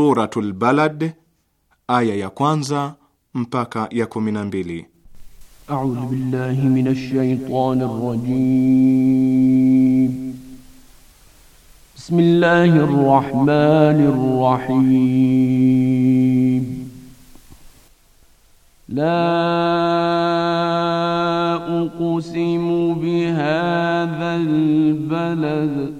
Suratul Balad aya ya kwanza mpaka ya 12. A'udhu billahi minash shaitani rrajim. Bismillahir rahmanir rahim. La uqsimu bihadha al-balad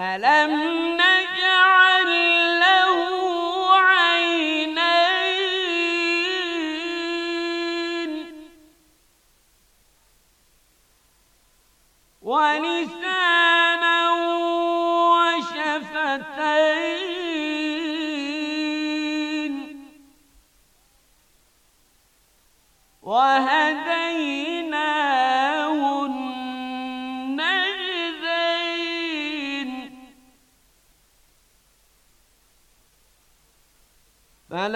ألم نجعل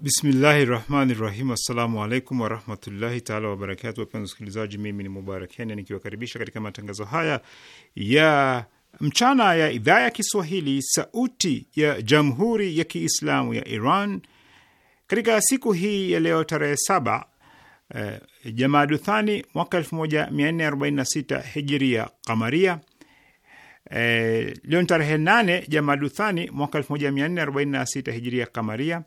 Bismillahi rahmani rahim. Assalamu alaikum warahmatullahi taala wabarakatu. Wapenzi wasikilizaji, mimi ni Mubarak Kenya nikiwakaribisha katika matangazo haya ya mchana ya idhaa ya Kiswahili sauti ya jamhuri ya Kiislamu ya Iran katika siku hii ya leo tarehe saba eh, Jamaaduthani mwaka 1446 hijiria kamaria. Eh, leo ni tarehe nane Jamaaduthani mwaka 1446 hijiria kamaria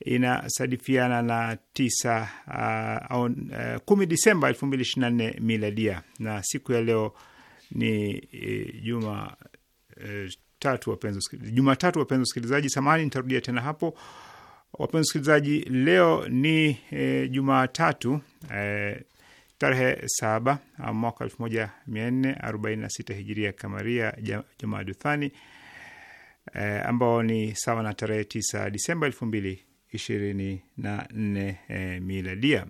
inasadifiana na tisa uh, au uh, uh, Disemba elfu mbili ishirini na nne miladia, na siku ya leo ni eh, juma uh, tatu wapenzi Jumatatu, wapenzi wasikilizaji, samahani, nitarudia tena hapo wapenzi wasikilizaji, leo ni e, Jumatatu e, tarehe saba ah, mwaka elfu moja mia nne arobaini na sita hijiria kamaria jamaa duthani e, ambao ni sawa na tarehe tisa Disemba elfu mbili ishirini na nne e, miladia.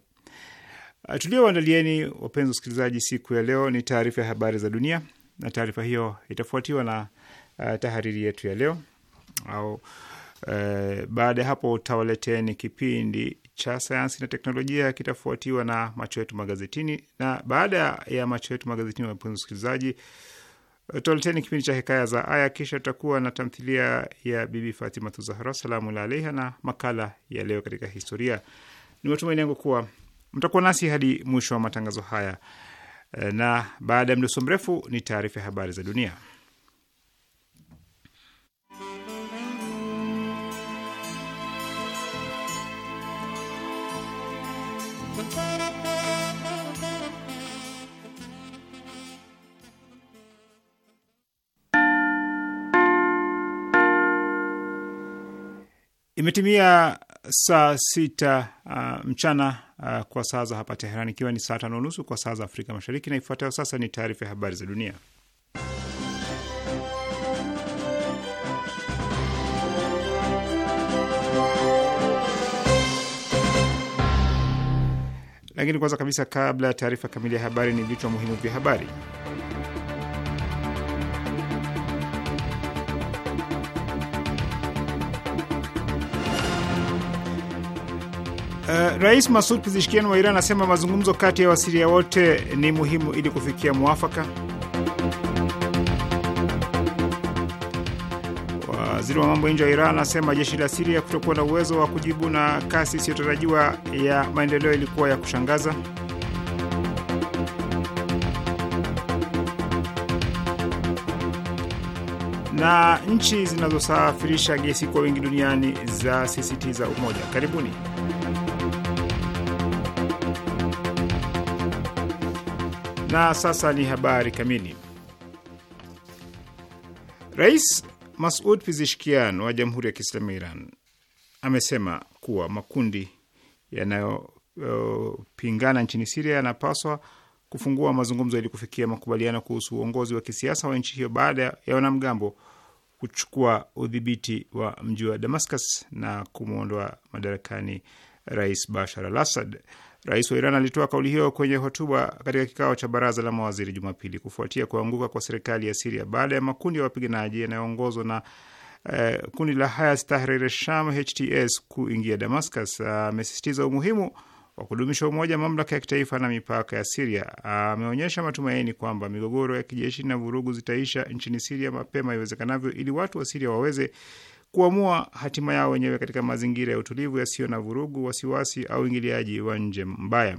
Ah, Tulioandalieni wapenzi wasikilizaji, siku ya leo ni taarifa ya habari za dunia, na taarifa hiyo itafuatiwa na uh, tahariri yetu ya leo au uh, baada ya hapo utawaleteni kipindi cha sayansi na teknolojia, kitafuatiwa na macho yetu magazetini, na baada ya macho yetu magazetini, wapenzi wasikilizaji Toleteni kipindi cha Hekaya za Aya, kisha tutakuwa na tamthilia ya Bibi fatima tuzahra salamu alaiha na makala ya Leo katika Historia. Ni matumaini yangu kuwa mtakuwa nasi hadi mwisho wa matangazo haya, eh, na baada ya mdoso mrefu ni taarifa ya habari za dunia. Imetimia saa sita uh, mchana uh, kwa saa za hapa teheran ikiwa ni saa tano nusu kwa saa za Afrika Mashariki, na ifuatayo sasa ni taarifa ya habari za dunia. Lakini kwanza kabisa, kabla ya taarifa kamili ya habari, ni vichwa muhimu vya habari. Uh, Rais Masud Pizishkian wa Iran anasema mazungumzo kati ya wasiria wote ni muhimu ili kufikia mwafaka. Waziri wa mambo ya nje wa Iran anasema jeshi la Siria kutokuwa na uwezo wa kujibu na kasi isiyotarajiwa ya maendeleo ilikuwa ya kushangaza. Na nchi zinazosafirisha gesi kwa wingi duniani zasisitiza umoja. Karibuni. Na sasa ni habari kamili. Rais Masud Pizishkian wa Jamhuri ya Kiislamu ya Iran amesema kuwa makundi yanayopingana nchini Siria yanapaswa kufungua mazungumzo ili kufikia makubaliano kuhusu uongozi wa kisiasa wa nchi hiyo baada ya wanamgambo kuchukua udhibiti wa mji wa Damascus na kumwondoa madarakani Rais Bashar al Assad. Rais wa Iran alitoa kauli hiyo kwenye hotuba katika kikao cha baraza la mawaziri Jumapili kufuatia kuanguka kwa serikali ya Siria baada ya makundi ya wapiganaji yanayoongozwa na Uh, kundi la Hayat Tahrir Sham HTS kuingia Damascus. Amesisitiza uh, umuhimu wa kudumisha umoja, mamlaka ya kitaifa na mipaka ya Siria. Ameonyesha uh, matumaini kwamba migogoro ya kijeshi na vurugu zitaisha nchini Siria mapema iwezekanavyo, ili watu wa Siria waweze kuamua hatima yao wenyewe katika mazingira ya utulivu yasiyo na vurugu, wasiwasi au uingiliaji wa nje mbaya.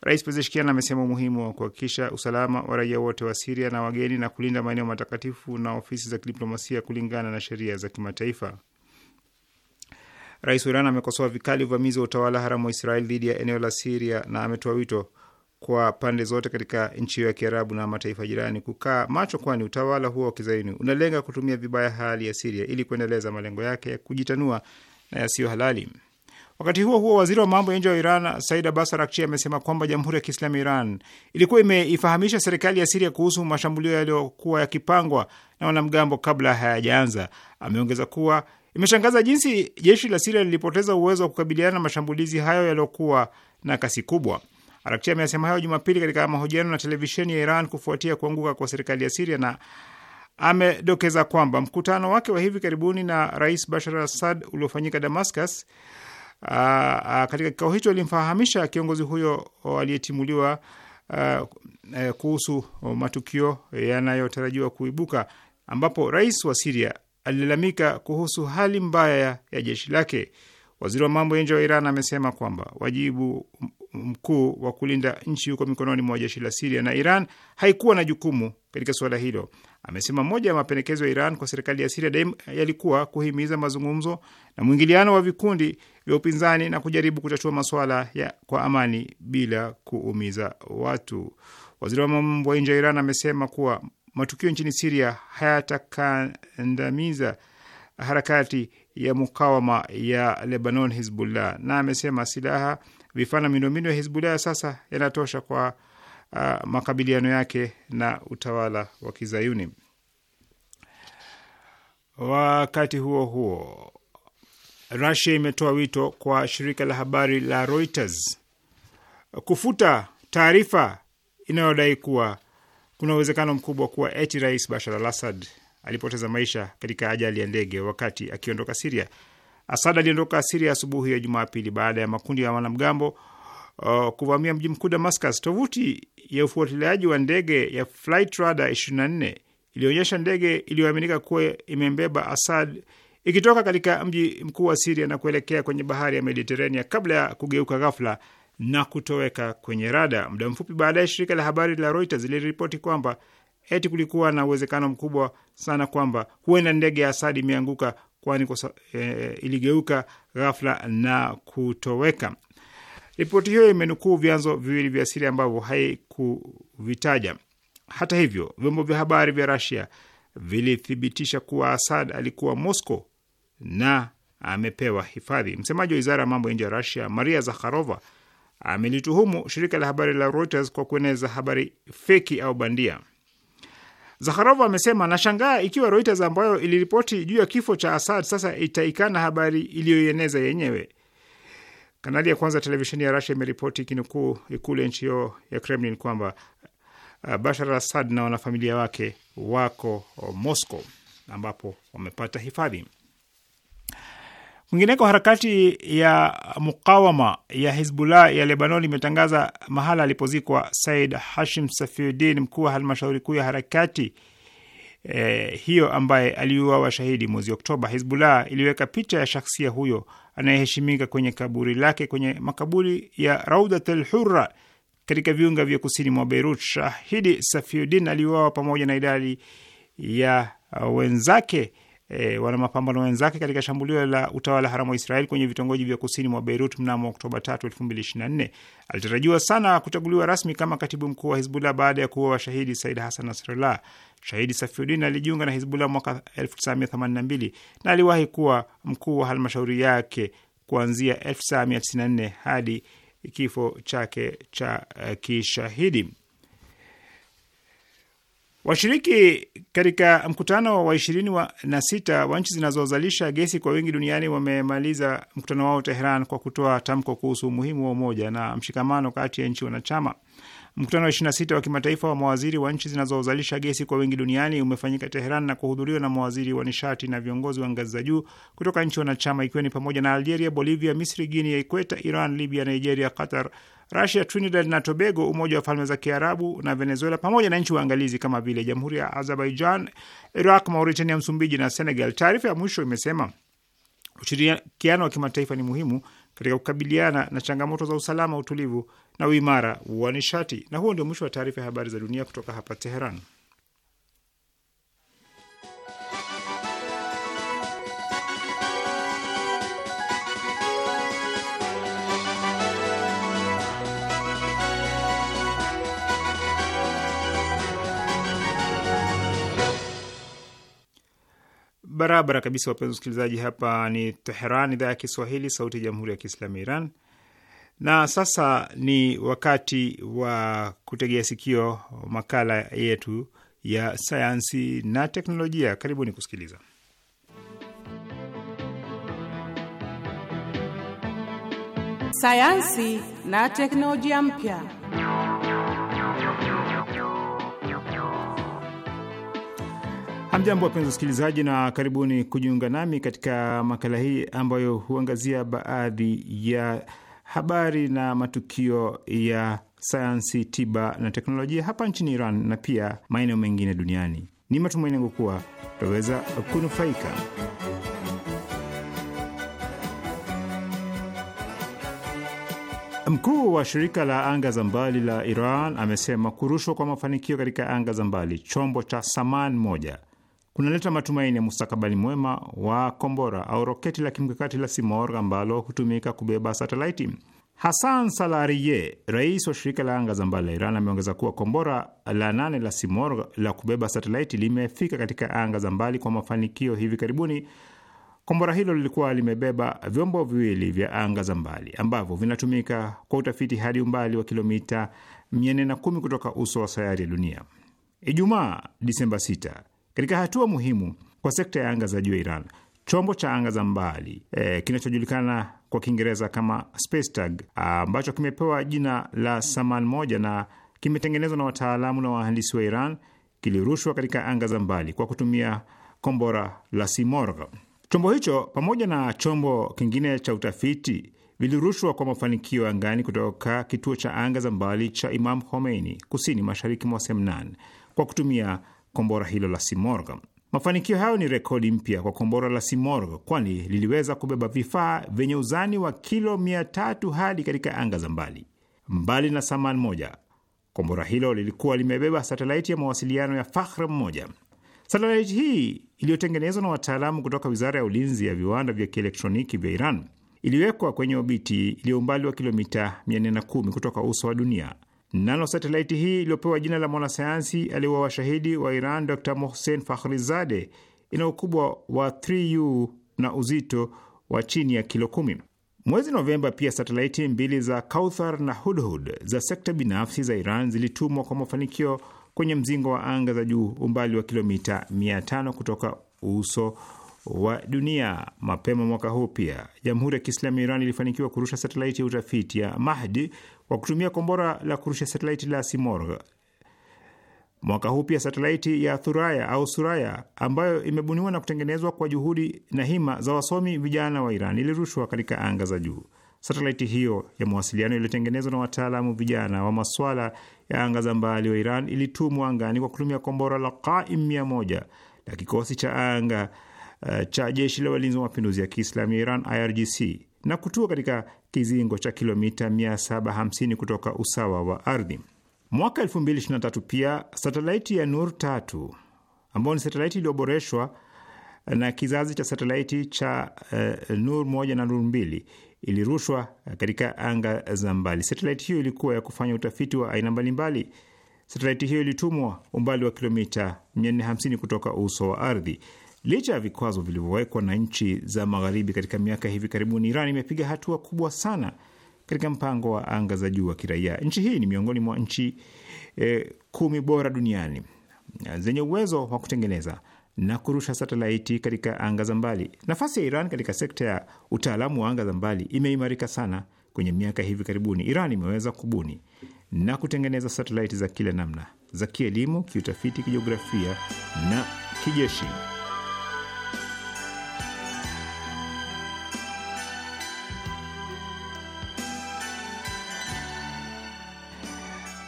Rais Pezeshkian amesema umuhimu wa kuhakikisha usalama wa raia wote wa Siria na wageni na kulinda maeneo matakatifu na ofisi za kidiplomasia kulingana na sheria za kimataifa. Rais wa Iran amekosoa vikali uvamizi wa utawala haramu wa israel dhidi ya eneo la Siria na ametoa wito kwa pande zote katika nchi hiyo ya Kiarabu na mataifa jirani kukaa macho, kwani utawala huo wa kizaini unalenga kutumia vibaya hali ya Siria ili kuendeleza malengo yake ya kujitanua na yasiyo halali. Wakati huo huo, waziri wa mambo ya nje wa Iran Said Abbas Arakchi amesema kwamba Jamhuri ya Kiislamu ya Iran ilikuwa imeifahamisha serikali ya Siria kuhusu mashambulio yaliyokuwa yakipangwa na wanamgambo kabla hayajaanza. Ameongeza kuwa imeshangaza jinsi jeshi la Siria lilipoteza uwezo wa kukabiliana na mashambulizi hayo yaliyokuwa na kasi kubwa. Arakchi amesema hayo Jumapili katika mahojiano na televisheni ya Iran kufuatia kuanguka kwa serikali ya Siria na amedokeza kwamba mkutano wake wa hivi karibuni na Rais Bashar al-Assad uliofanyika Damascus. Aa, katika kikao hicho alimfahamisha kiongozi huyo aliyetimuliwa kuhusu matukio yanayotarajiwa kuibuka, ambapo rais wa Siria alilalamika kuhusu hali mbaya ya jeshi lake. Waziri wa mambo ya nje wa Iran amesema kwamba wajibu mkuu wa kulinda nchi huko mikononi mwa jeshi la Siria na Iran haikuwa na jukumu katika suala hilo. Amesema moja ya mapendekezo ya Iran kwa serikali ya Siria daim yalikuwa kuhimiza mazungumzo na mwingiliano wa vikundi vya upinzani na kujaribu kutatua masuala ya kwa amani bila kuumiza watu. Waziri wa mambo ya nje ya Iran amesema kuwa matukio nchini Siria hayatakandamiza harakati ya mukawama ya Lebanon, Hizbullah, na amesema silaha vifaa na miundombinu ya Hizbullah ya sasa yanatosha kwa uh, makabiliano yake na utawala wa Kizayuni. Wakati huo huo, Rusia imetoa wito kwa shirika la habari la Reuters kufuta taarifa inayodai kuwa kuna uwezekano mkubwa kuwa eti Rais Bashar al Assad alipoteza maisha katika ajali ya ndege wakati akiondoka Siria. Asad aliondoka Siria asubuhi ya Jumapili baada ya makundi ya wanamgambo uh, kuvamia mji mkuu Damascus. Tovuti ya ufuatiliaji wa ndege ya Flightradar 24 ilionyesha ndege iliyoaminika kuwa imembeba Asad ikitoka katika mji mkuu wa Siria na kuelekea kwenye bahari ya Mediterania kabla ya kugeuka ghafla na kutoweka kwenye rada. Muda mfupi baadaye, shirika la habari la Reuters liliripoti kwamba eti kulikuwa na uwezekano mkubwa sana kwamba huenda ndege ya Asadi imeanguka kwani kwa, e, iligeuka ghafla na kutoweka. Ripoti hiyo imenukuu vyanzo viwili vya siri ambavyo haikuvitaja. Hata hivyo, vyombo vya habari vya Rasia vilithibitisha kuwa Asad alikuwa Moscow na amepewa hifadhi. Msemaji wa wizara ya mambo ya nje ya Rasia Maria Zakharova amelituhumu shirika la habari la Reuters kwa kueneza habari feki au bandia. Zakharov amesema nashangaa ikiwa Reuters ambayo iliripoti juu ya kifo cha Asad sasa itaikana habari iliyoieneza yenyewe. Kanali ya kwanza televisheni ya Rusia imeripoti ikinukuu ikulu ya nchi hiyo ya Kremlin kwamba uh, Bashar Asad na wanafamilia wake wako Moscow ambapo wamepata hifadhi. Kwingineko, harakati ya mukawama ya Hizbullah ya Lebanon imetangaza mahala alipozikwa Said Hashim Safiuddin, mkuu wa halmashauri kuu ya harakati eh, hiyo ambaye aliuawa shahidi mwezi Oktoba. Hizbullah iliweka picha ya shakhsia huyo anayeheshimika kwenye kaburi lake kwenye makaburi ya Raudatul Hurra katika viunga vya kusini mwa Beirut. Shahidi Safiuddin aliuawa pamoja na idadi ya wenzake e, mapambano wenzake katika shambulio la utawala haramu wa Israel kwenye vitongoji vya kusini mwa Beirut mnamo Oktoba 3, 2024. Alitarajiwa sana kuchaguliwa rasmi kama katibu mkuu wa Hizbullah baada ya kuwa washahidi Said Hassan Nasrallah. Shahidi Safiuddin alijiunga na Hizbullah mwaka 1982 na aliwahi kuwa mkuu wa halmashauri yake kuanzia 1994 hadi kifo chake cha uh, kishahidi. Washiriki katika mkutano wa ishirini na sita wa nchi zinazozalisha gesi kwa wingi duniani wamemaliza mkutano wao Teheran kwa kutoa tamko kuhusu umuhimu wa umoja na mshikamano kati ya nchi wanachama. Mkutano wa 26 wa kimataifa wa mawaziri wa nchi zinazozalisha gesi kwa wingi duniani umefanyika Teheran na kuhudhuriwa na mawaziri wa nishati na viongozi wa ngazi za juu kutoka nchi wanachama ikiwa ni pamoja na Algeria, Bolivia, Misri, Guinea ya Ikweta, Iran, Libya, Nigeria, Qatar, Rusia, Trinidad na Tobago, Umoja wa Falme za Kiarabu na Venezuela, pamoja na nchi waangalizi kama vile Jamhuri ya Azerbaijan, Iraq, Mauritania, Msumbiji na Senegal. Taarifa ya mwisho imesema ushirikiano wa kimataifa ni muhimu katika kukabiliana na changamoto za usalama, utulivu na uimara wa nishati. Na huo ndio mwisho wa taarifa ya habari za dunia kutoka hapa Teheran. Barabara kabisa, wapenzi wasikilizaji, hapa ni Teheran, idhaa ya Kiswahili, sauti ya jamhuri ya kiislamu ya Iran. Na sasa ni wakati wa kutegea sikio makala yetu ya sayansi na teknolojia. Karibuni kusikiliza. Sayansi na teknolojia mpya. Hamjambo, wapenzi wasikilizaji, na karibuni kujiunga nami katika makala hii ambayo huangazia baadhi ya habari na matukio ya sayansi, tiba na teknolojia hapa nchini Iran na pia maeneo mengine duniani. Ni matumaini yangu kuwa tutaweza kunufaika. Mkuu wa shirika la anga za mbali la Iran amesema kurushwa kwa mafanikio katika anga za mbali chombo cha Saman moja kunaleta matumaini ya mustakabali mwema wa kombora au roketi la kimkakati la Simorg ambalo hutumika kubeba satelaiti. Hasan Salariye, rais wa shirika la anga za mbali la Iran, ameongeza kuwa kombora la nane la Simorg la kubeba satelaiti limefika katika anga za mbali kwa mafanikio hivi karibuni. Kombora hilo lilikuwa limebeba vyombo viwili vya anga za mbali ambavyo vinatumika kwa utafiti hadi umbali wa kilomita 410 kutoka uso wa sayari ya dunia. Ijumaa Disemba 6 katika hatua muhimu kwa sekta ya anga za juu ya Iran, chombo cha anga za mbali e, kinachojulikana kwa Kiingereza kama Spacetag ambacho kimepewa jina la Saman moja na kimetengenezwa na wataalamu na wahandisi wa Iran kilirushwa katika anga za mbali kwa kutumia kombora la Simorgh. Chombo hicho pamoja na chombo kingine cha utafiti vilirushwa kwa mafanikio angani kutoka kituo cha anga za mbali cha Imam Khomeini kusini mashariki mwa Semnan kwa kutumia kombora hilo la Simorgh. Mafanikio hayo ni rekodi mpya kwa kombora la Simorgh, kwani liliweza kubeba vifaa vyenye uzani wa kilo 300 hadi katika anga za mbali. Mbali na Saman moja, kombora hilo lilikuwa limebeba satelaiti ya mawasiliano ya Fakhr mmoja. Satelaiti hii iliyotengenezwa na wataalamu kutoka wizara ya ulinzi ya viwanda vya kielektroniki vya Iran iliwekwa kwenye obiti iliyo umbali wa kilomita 410 kutoka uso wa dunia. Nano satelaiti hii iliyopewa jina la mwanasayansi aliwa washahidi wa Iran Dr Mohsen Fakhrizade ina ukubwa wa 3u na uzito wa chini ya kilo kumi. Mwezi Novemba pia satelaiti mbili za Kauthar na Hudhud za sekta binafsi za Iran zilitumwa kwa mafanikio kwenye mzingo wa anga za juu umbali wa kilomita 500 kutoka uso wa dunia. Mapema mwaka huu pia Jamhuri ya Kiislamu ya Iran ilifanikiwa kurusha satelaiti ya utafiti ya Mahdi kwa kutumia kombora la kurusha satelaiti la Simorgh. Mwaka huu pia satelaiti ya Thuraya au Suraya ambayo imebuniwa na kutengenezwa kwa juhudi na hima za wasomi vijana wa Iran ilirushwa katika anga za juu. Satelaiti hiyo ya mawasiliano iliyotengenezwa na wataalamu vijana wa maswala ya anga za mbali wa Iran ilitumwa angani kwa kutumia kombora la Qaim 100 la kikosi cha anga uh, cha jeshi la walinzi wa mapinduzi ya Kiislamu ya Iran IRGC na kutua katika kizingo cha kilomita 750 kutoka usawa wa ardhi. Mwaka 2023 pia satelaiti ya Nur tatu ambayo ni satelaiti iliyoboreshwa na kizazi cha satelaiti cha uh, Nur moja na Nur mbili ilirushwa katika anga za mbali. Satelaiti hiyo ilikuwa ya kufanya utafiti wa aina mbalimbali. Satelaiti hiyo ilitumwa umbali wa kilomita 450 kutoka uso wa ardhi. Licha ya vikwazo vilivyowekwa na nchi za magharibi katika miaka hivi karibuni, Iran imepiga hatua kubwa sana katika mpango wa anga za juu wa kiraia. Nchi hii ni miongoni mwa nchi e, kumi bora duniani e, zenye uwezo wa kutengeneza na kurusha satelaiti katika anga za mbali. Nafasi ya Iran katika sekta ya utaalamu wa anga za mbali imeimarika sana kwenye miaka hivi karibuni. Iran imeweza kubuni na kutengeneza satelaiti za kila namna za kielimu, kiutafiti, kijiografia na kijeshi.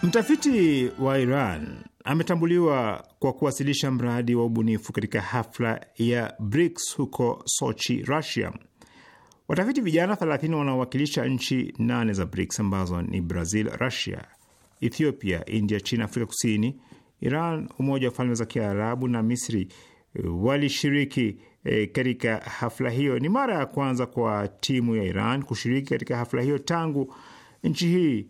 Mtafiti wa Iran ametambuliwa kwa kuwasilisha mradi wa ubunifu katika hafla ya BRICS huko Sochi, Russia. Watafiti vijana 30 wanaowakilisha nchi nane za BRICS ambazo ni Brazil, Russia, Ethiopia, India, China, Afrika Kusini, Iran, Umoja wa Falme za Kiarabu na Misri eh, walishiriki e, katika hafla hiyo. Ni mara ya kwanza kwa timu ya Iran kushiriki katika hafla hiyo tangu nchi hii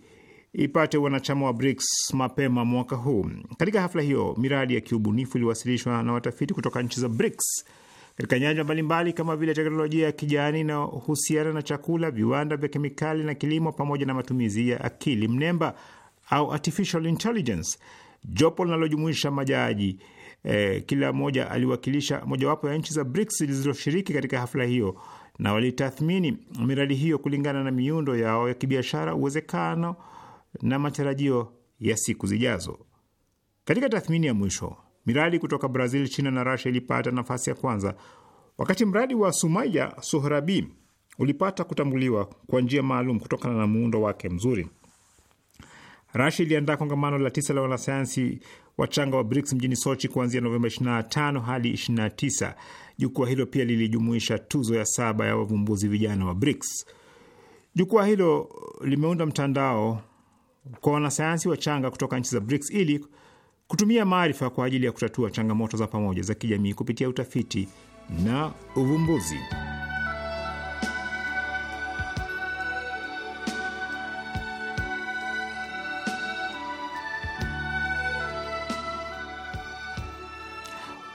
ipate wanachama wa BRICS mapema mwaka huu. Katika hafla hiyo, miradi ya kiubunifu iliwasilishwa na watafiti kutoka nchi za BRICS katika nyanja mbalimbali kama vile teknolojia ya kijani inayohusiana na chakula, viwanda vya kemikali na kilimo, pamoja na matumizi ya akili mnemba au artificial intelligence. Jopo linalojumuisha majaji eh, kila mmoja aliwakilisha mojawapo ya nchi za BRICS zilizoshiriki katika hafla hiyo, na walitathmini miradi hiyo kulingana na miundo yao ya kibiashara, uwezekano na matarajio ya siku zijazo. Katika tathmini ya mwisho, miradi kutoka Brazil, China na Rasia ilipata nafasi ya kwanza, wakati mradi wa Sumaya Sohrabi ulipata kutambuliwa kwa njia maalum kutokana na muundo wake mzuri. Rasia iliandaa kongamano la tisa la wanasayansi wachanga wa BRICS mjini Sochi kuanzia Novemba 25 hadi 29. Jukwaa hilo pia lilijumuisha tuzo ya saba ya wavumbuzi vijana wa BRICS. Jukwaa hilo limeunda mtandao kwa wanasayansi wachanga kutoka nchi za BRICS ili kutumia maarifa kwa ajili ya kutatua changamoto za pamoja za kijamii kupitia utafiti na uvumbuzi.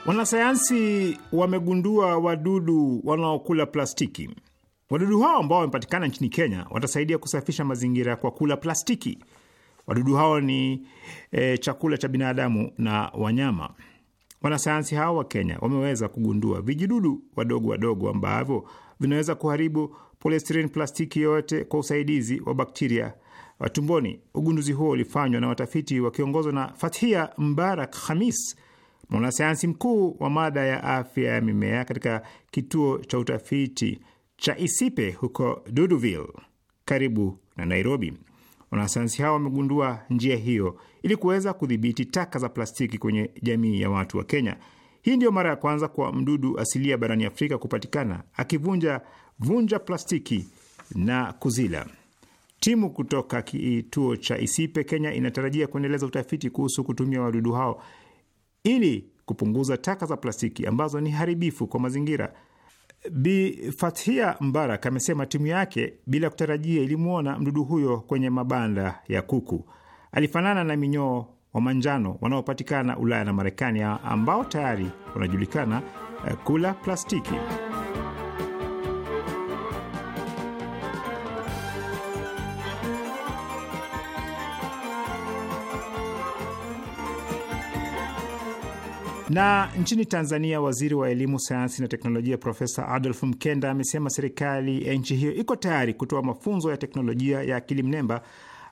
Wanasayansi wamegundua wadudu wanaokula plastiki. Wadudu hao ambao wamepatikana nchini Kenya watasaidia kusafisha mazingira kwa kula plastiki. Wadudu hao ni e, chakula cha binadamu na wanyama. Wanasayansi hao wa Kenya wameweza kugundua vijidudu wadogo wadogo ambavyo vinaweza kuharibu polystyrene plastiki yoyote kwa usaidizi wa bakteria wa tumboni. Ugunduzi huo ulifanywa na watafiti wakiongozwa na Fathia Mbarak Khamis, mwanasayansi mkuu wa mada ya afya ya mimea katika kituo cha utafiti cha Isipe huko Duduville karibu na Nairobi. Wanasayansi hao wamegundua njia hiyo ili kuweza kudhibiti taka za plastiki kwenye jamii ya watu wa Kenya. Hii ndiyo mara ya kwanza kwa mdudu asilia barani Afrika kupatikana akivunja vunja plastiki na kuzila. Timu kutoka kituo cha Isipe, Kenya, inatarajia kuendeleza utafiti kuhusu kutumia wadudu hao ili kupunguza taka za plastiki ambazo ni haribifu kwa mazingira. Bi Fathia Mbarak amesema timu yake bila kutarajia ilimwona mdudu huyo kwenye mabanda ya kuku. Alifanana na minyoo wa manjano wanaopatikana Ulaya na Marekani, ambao tayari wanajulikana eh, kula plastiki. Na nchini Tanzania, waziri wa elimu, sayansi na teknolojia Profesa Adolf Mkenda amesema serikali ya nchi hiyo iko tayari kutoa mafunzo ya teknolojia ya akili mnemba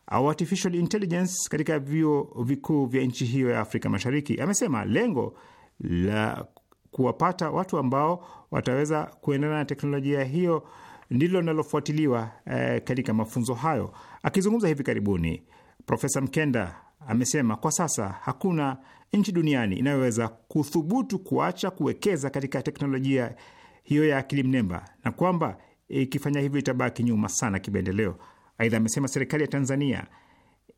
au artificial intelligence katika vyuo vikuu vya nchi hiyo ya Afrika Mashariki. Amesema lengo la kuwapata watu ambao wataweza kuendana na teknolojia hiyo ndilo linalofuatiliwa eh, katika mafunzo hayo. Akizungumza hivi karibuni, Profesa Mkenda amesema kwa sasa hakuna nchi duniani inayoweza kuthubutu kuacha kuwekeza katika teknolojia hiyo ya akili mnemba na kwamba ikifanya hivyo itabaki nyuma sana kimaendeleo. Aidha, amesema serikali ya Tanzania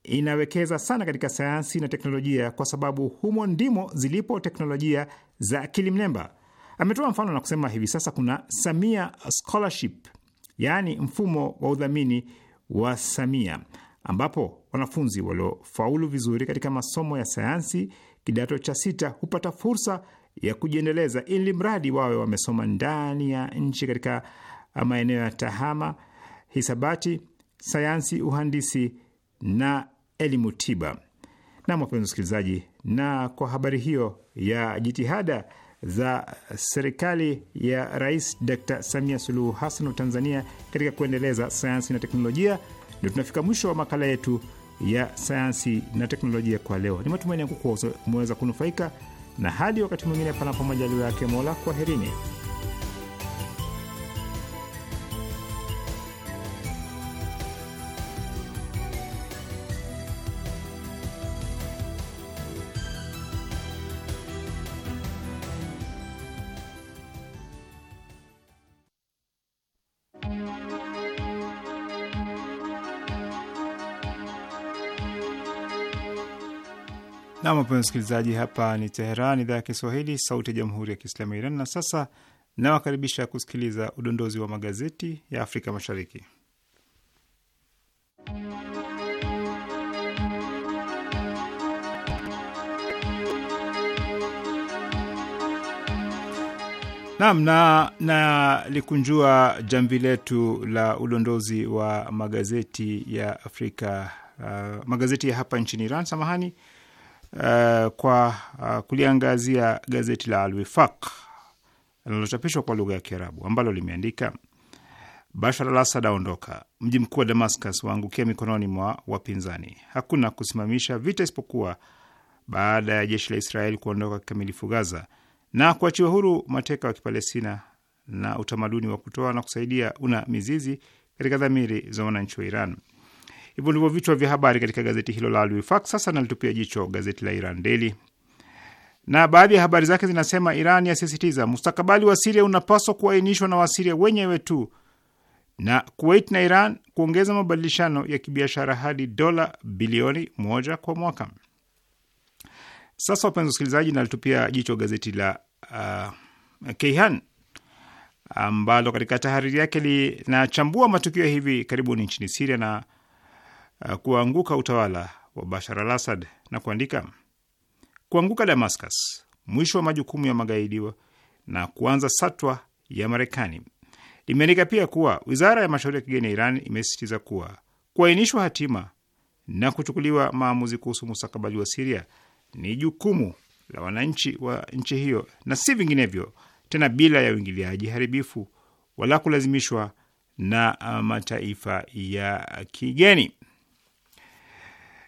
inawekeza sana katika sayansi na teknolojia kwa sababu humo ndimo zilipo teknolojia za akili mnemba. Ametoa mfano na kusema hivi sasa kuna Samia Scholarship, yaani mfumo wa udhamini wa Samia ambapo wanafunzi waliofaulu vizuri katika masomo ya sayansi kidato cha sita hupata fursa ya kujiendeleza ili mradi wawe wamesoma ndani ya nchi katika maeneo ya tahama, hisabati, sayansi, uhandisi na elimu tiba. Na wapenzi wasikilizaji, na kwa habari hiyo ya jitihada za serikali ya Rais Dr. Samia Suluhu Hassan wa Tanzania katika kuendeleza sayansi na teknolojia, ndio tunafika mwisho wa makala yetu ya sayansi na teknolojia kwa leo. Ni matumaini yangu kuwa umeweza kunufaika, na hadi wakati mwingine, panapo majaliwa yake Mola, kwaherini. Nam, wapenzi msikilizaji, hapa ni Teheran, idhaa ya Kiswahili, sauti ya jamhuri ya kiislamu ya Iran. Na sasa nawakaribisha kusikiliza udondozi wa magazeti ya Afrika Mashariki. Nam na, na likunjua jamvi letu la udondozi wa magazeti ya Afrika, uh, magazeti ya hapa nchini Iran, samahani Eh, kwa uh, kuliangazia gazeti la Alwifaq linalochapishwa kwa lugha ya Kiarabu ambalo limeandika Bashar al Asad aondoka, mji mkuu wa Damascus waangukia mikononi mwa wapinzani. Hakuna kusimamisha vita isipokuwa baada ya jeshi la Israeli kuondoka kikamilifu Gaza na kuachiwa huru mateka wa Kipalestina. Na utamaduni wa kutoa na kusaidia una mizizi katika dhamiri za wananchi wa Iran. Hivyo ndivyo vichwa vya habari katika gazeti hilo la Al-Wifaq. Sasa nalitupia jicho gazeti la Iran Daily na baadhi ya habari zake zinasema: Iran yasisitiza mustakabali wa Siria unapaswa kuainishwa na Wasiria wenyewe tu, na Kuwait na Iran kuongeza mabadilishano ya kibiashara hadi dola bilioni moja kwa mwaka. Sasa wapenzi wasikilizaji, nalitupia jicho gazeti la uh, Keihan ambalo katika tahariri yake linachambua matukio hivi karibuni nchini Siria na Uh, kuanguka utawala wa Bashar al Asad na kuandika, kuanguka Damascus, mwisho wa majukumu ya magaidi na kuanza satwa ya Marekani. Limeandika pia kuwa wizara ya mashauri ya kigeni ya Iran imesisitiza kuwa kuainishwa hatima na kuchukuliwa maamuzi kuhusu mustakabali wa Siria ni jukumu la wananchi wa nchi hiyo na si vinginevyo tena, bila ya uingiliaji haribifu wala kulazimishwa na uh, mataifa ya kigeni.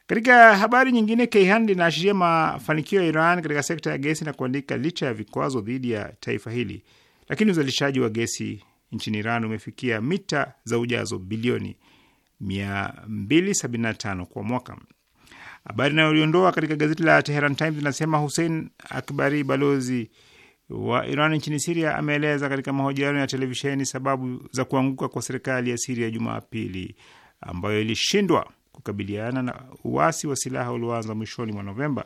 Katika habari nyingine, Keihan linaashiria mafanikio ya Iran katika sekta ya gesi na kuandika, licha ya vikwazo dhidi ya taifa hili, lakini uzalishaji wa gesi nchini Iran umefikia mita za ujazo bilioni 275 kwa mwaka. Habari inayoliondoa katika gazeti la Teheran Times inasema Hussein Akbari, balozi wa Iran nchini Siria, ameeleza katika mahojiano ya televisheni sababu za kuanguka kwa serikali ya Siria Jumapili ambayo ilishindwa kukabiliana na uasi wa silaha ulioanza mwishoni mwa Novemba.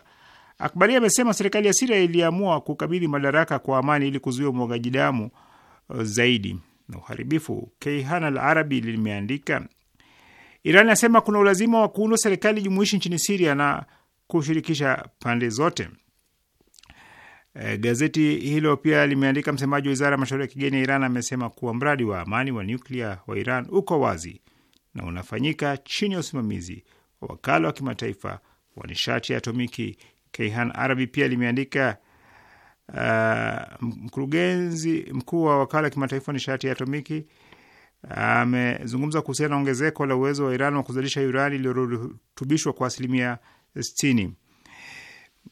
Akbari amesema serikali ya Siria iliamua kukabidhi madaraka kwa amani ili kuzuia umwagaji damu uh, zaidi na uharibifu. Kayhan Al Arabi limeandika, Iran inasema kuna ulazima wa kuundwa serikali jumuishi nchini Siria na kushirikisha pande zote. E, gazeti hilo pia limeandika, msemaji wa wizara ya mashauri ya kigeni ya Iran amesema kuwa mradi wa amani wa nyuklia wa Iran uko wazi na unafanyika chini ya usimamizi wa wakala wa kimataifa wa nishati ya atomiki. Kehan Arabi pia limeandika uh, mkurugenzi mkuu wa wakala wa kimataifa wa nishati ya atomiki amezungumza uh, kuhusiana na ongezeko la uwezo wa Iran wa kuzalisha urani iliyorutubishwa kwa asilimia sitini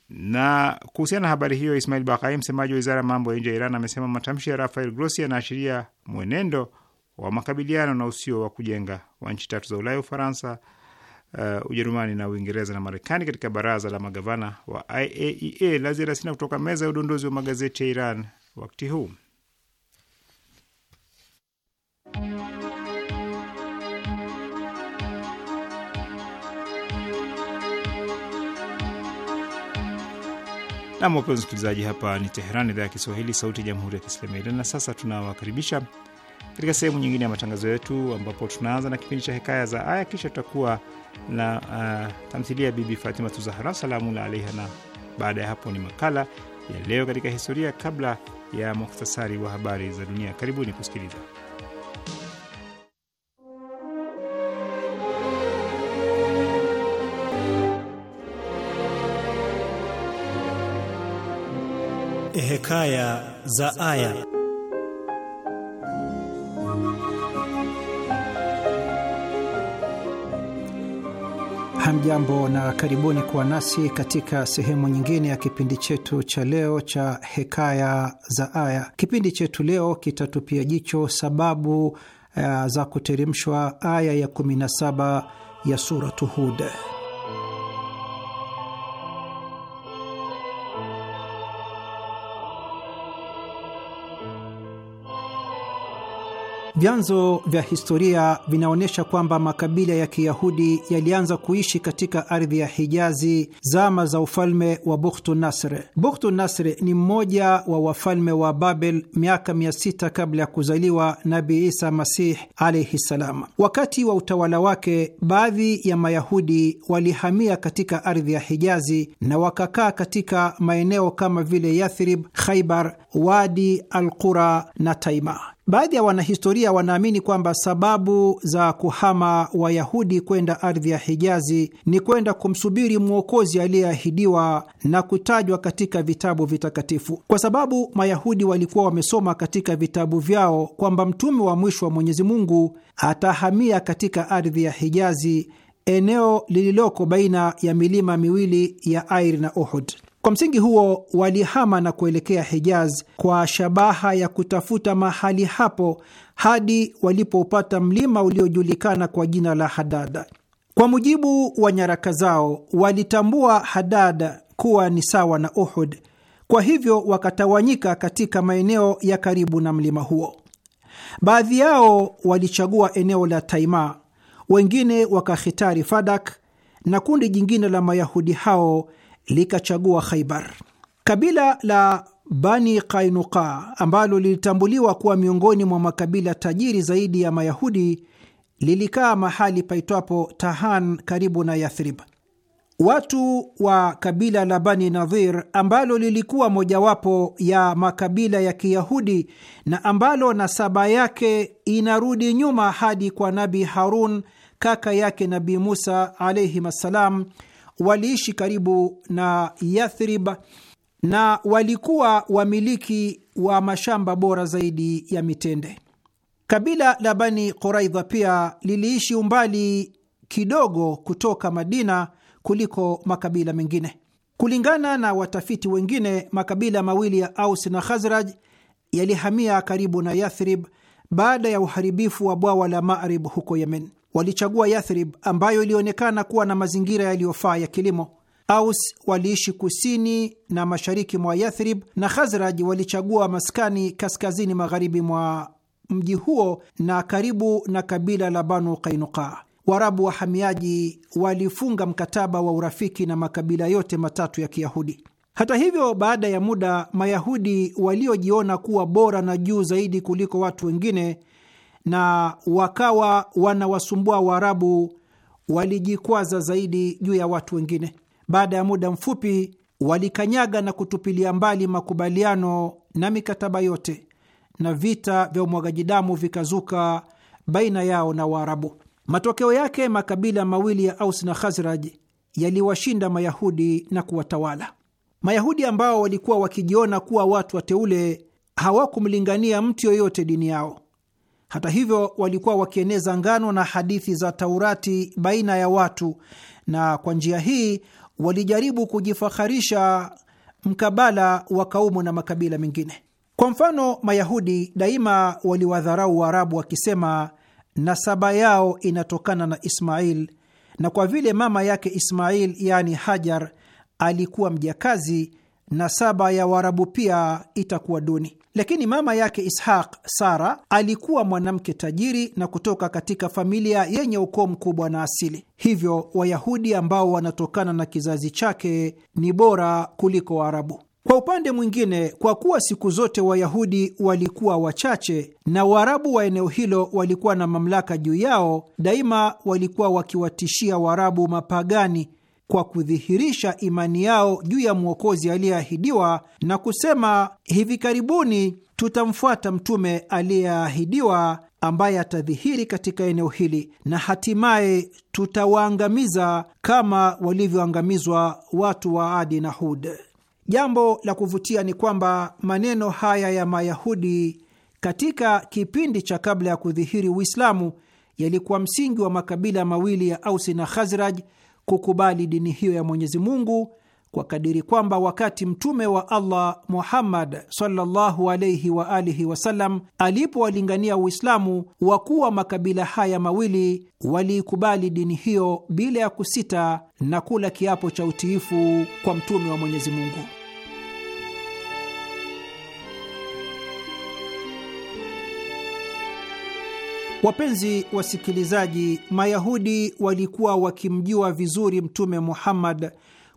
na kuhusiana na habari hiyo, Ismail Bakai, msemaji wa wizara ya mambo ya nje ya Iran, amesema matamshi ya Rafael Grossi yanaashiria mwenendo wa makabiliano na usio wa kujenga wa nchi tatu za Ulaya, Ufaransa, uh, Ujerumani na Uingereza na Marekani katika baraza la magavana wa IAEA. La ziada sina kutoka meza ya udondozi wa magazeti ya Iran wakati huu. Nam, wapenzi msikilizaji, hapa ni Teheran, idhaa ya Kiswahili, sauti ya jamhuri ya kiislamu ya Iran. Na sasa tunawakaribisha katika sehemu nyingine ya matangazo yetu, ambapo tunaanza na kipindi cha Hekaya za Aya, kisha tutakuwa na uh, tamthilia ya Bibi Fatima Tuzahara salamula alaiha, na baada ya hapo ni makala ya Leo katika Historia, kabla ya muhtasari wa habari za dunia. Karibuni kusikiliza. Hekaya za Aya. Hamjambo na karibuni kuwa nasi katika sehemu nyingine ya kipindi chetu cha leo cha Hekaya za Aya. Kipindi chetu leo kitatupia jicho sababu uh, za kuteremshwa aya ya 17 ya Suratu Hud. Vyanzo vya historia vinaonyesha kwamba makabila ya Kiyahudi yalianza kuishi katika ardhi ya Hijazi zama za ufalme wa Bukhtu Nasr. Bukhtu Nasr ni mmoja wa wafalme wa Babel miaka 600 kabla ya kuzaliwa Nabi Isa Masih alaihi ssalam. Wakati wa utawala wake, baadhi ya Mayahudi walihamia katika ardhi ya Hijazi na wakakaa katika maeneo kama vile Yathrib, Khaibar, Wadi al Qura na Taima. Baadhi ya wanahistoria wanaamini kwamba sababu za kuhama Wayahudi kwenda ardhi ya Hijazi ni kwenda kumsubiri mwokozi aliyeahidiwa na kutajwa katika vitabu vitakatifu, kwa sababu Mayahudi walikuwa wamesoma katika vitabu vyao kwamba mtume wa mwisho wa Mwenyezi Mungu atahamia katika ardhi ya Hijazi, eneo lililoko baina ya milima miwili ya Air na Uhud. Kwa msingi huo walihama na kuelekea Hijaz kwa shabaha ya kutafuta mahali hapo hadi walipoupata mlima uliojulikana kwa jina la Hadada. Kwa mujibu wa nyaraka zao, walitambua Hadada kuwa ni sawa na Uhud, kwa hivyo wakatawanyika katika maeneo ya karibu na mlima huo. Baadhi yao walichagua eneo la taima wengine wakahitari Fadak, na kundi jingine la Mayahudi hao likachagua Khaibar. Kabila la Bani Kainuka ambalo lilitambuliwa kuwa miongoni mwa makabila tajiri zaidi ya Mayahudi lilikaa mahali paitwapo Tahan karibu na Yathrib. Watu wa kabila la Bani Nadhir ambalo lilikuwa mojawapo ya makabila ya Kiyahudi na ambalo nasaba yake inarudi nyuma hadi kwa Nabi Harun kaka yake Nabi Musa alayhim assalam waliishi karibu na Yathrib na walikuwa wamiliki wa mashamba bora zaidi ya mitende. Kabila la Bani Quraidha pia liliishi umbali kidogo kutoka Madina kuliko makabila mengine. Kulingana na watafiti wengine, makabila mawili ya Aus na Khazraj yalihamia karibu na Yathrib baada ya uharibifu wa bwawa la Marib huko Yemen walichagua Yathrib ambayo ilionekana kuwa na mazingira yaliyofaa ya kilimo. Aus waliishi kusini na mashariki mwa Yathrib na Khazraj walichagua maskani kaskazini magharibi mwa mji huo na karibu na kabila la Banu Kainuka. Waarabu wahamiaji walifunga mkataba wa urafiki na makabila yote matatu ya Kiyahudi. Hata hivyo, baada ya muda Mayahudi waliojiona kuwa bora na juu zaidi kuliko watu wengine na wakawa wanawasumbua Waarabu, walijikwaza zaidi juu ya watu wengine. Baada ya muda mfupi, walikanyaga na kutupilia mbali makubaliano na mikataba yote, na vita vya umwagaji damu vikazuka baina yao na Waarabu. Matokeo yake makabila mawili ya Aus na Khazraj yaliwashinda Mayahudi na kuwatawala. Mayahudi ambao walikuwa wakijiona kuwa watu wateule hawakumlingania mtu yoyote dini yao. Hata hivyo, walikuwa wakieneza ngano na hadithi za Taurati baina ya watu, na kwa njia hii walijaribu kujifaharisha mkabala wa kaumu na makabila mengine. Kwa mfano, Mayahudi daima waliwadharau Waarabu wakisema nasaba yao inatokana na Ismail, na kwa vile mama yake Ismail yaani Hajar alikuwa mjakazi, nasaba ya Waarabu pia itakuwa duni lakini mama yake Ishaq, Sara, alikuwa mwanamke tajiri na kutoka katika familia yenye ukoo mkubwa na asili. Hivyo Wayahudi ambao wanatokana na kizazi chake ni bora kuliko Waarabu. Kwa upande mwingine, kwa kuwa siku zote Wayahudi walikuwa wachache na Waarabu wa eneo hilo walikuwa na mamlaka juu yao, daima walikuwa wakiwatishia Waarabu mapagani kwa kudhihirisha imani yao juu ya mwokozi aliyeahidiwa na kusema, hivi karibuni tutamfuata mtume aliyeahidiwa ambaye atadhihiri katika eneo hili na hatimaye tutawaangamiza kama walivyoangamizwa watu wa Adi na Hud. Jambo la kuvutia ni kwamba maneno haya ya Mayahudi katika kipindi cha kabla ya kudhihiri Uislamu yalikuwa msingi wa makabila mawili ya Ausi na Khazraj kukubali dini hiyo ya Mwenyezi Mungu kwa kadiri kwamba wakati mtume wa Allah Muhammad sallallahu alayhi wa alihi wasallam alipowalingania Uislamu, wakuu wa makabila haya mawili waliikubali dini hiyo bila ya kusita na kula kiapo cha utiifu kwa mtume wa Mwenyezi Mungu. Wapenzi wasikilizaji, Mayahudi walikuwa wakimjua vizuri Mtume Muhammad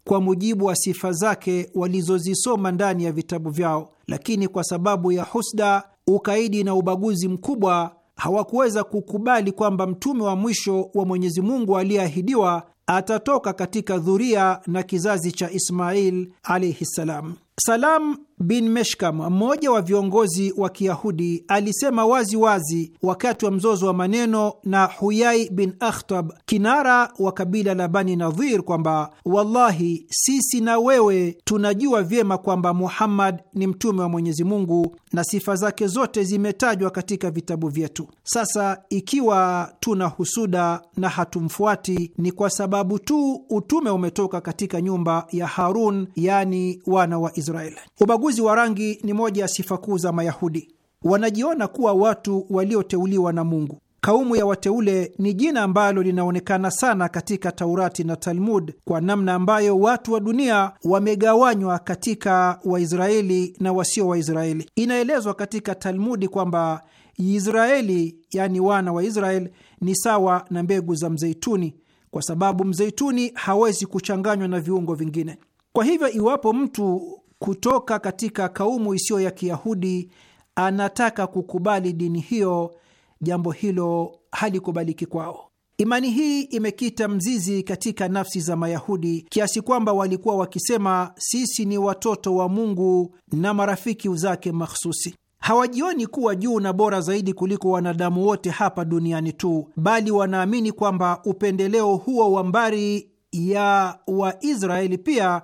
kwa mujibu wa sifa zake walizozisoma ndani ya vitabu vyao, lakini kwa sababu ya husda, ukaidi na ubaguzi mkubwa hawakuweza kukubali kwamba mtume wa mwisho wa Mwenyezi Mungu aliyeahidiwa atatoka katika dhuria na kizazi cha Ismail alaihi ssalam. Salam bin Meshkam, mmoja wa viongozi wa Kiyahudi, alisema wazi wazi wakati wa mzozo wa maneno na Huyai bin Akhtab, kinara wa kabila la Bani Nadhir, kwamba wallahi, sisi na wewe tunajua vyema kwamba Muhammad ni mtume wa Mwenyezi Mungu na sifa zake zote zimetajwa katika vitabu vyetu. Sasa ikiwa tuna husuda na hatumfuati, ni kwa sababu tu utume umetoka katika nyumba ya Harun, yani wana wa Israeli. Ubaguzi Ubaguzi wa rangi ni moja ya sifa kuu za Mayahudi. Wanajiona kuwa watu walioteuliwa na Mungu. Kaumu ya wateule ni jina ambalo linaonekana sana katika Taurati na Talmud kwa namna ambayo watu wa dunia wamegawanywa katika Waisraeli na wasio Waisraeli. Inaelezwa katika Talmudi kwamba Israeli, yani wana wa Israeli, ni sawa na mbegu za mzeituni, kwa sababu mzeituni hawezi kuchanganywa na viungo vingine. Kwa hivyo, iwapo mtu kutoka katika kaumu isiyo ya Kiyahudi anataka kukubali dini hiyo, jambo hilo halikubaliki kwao. Imani hii imekita mzizi katika nafsi za Mayahudi kiasi kwamba walikuwa wakisema sisi ni watoto wa Mungu na marafiki zake makhususi Hawajioni kuwa juu na bora zaidi kuliko wanadamu wote hapa duniani tu, bali wanaamini kwamba upendeleo huo wa mbari ya Waisraeli pia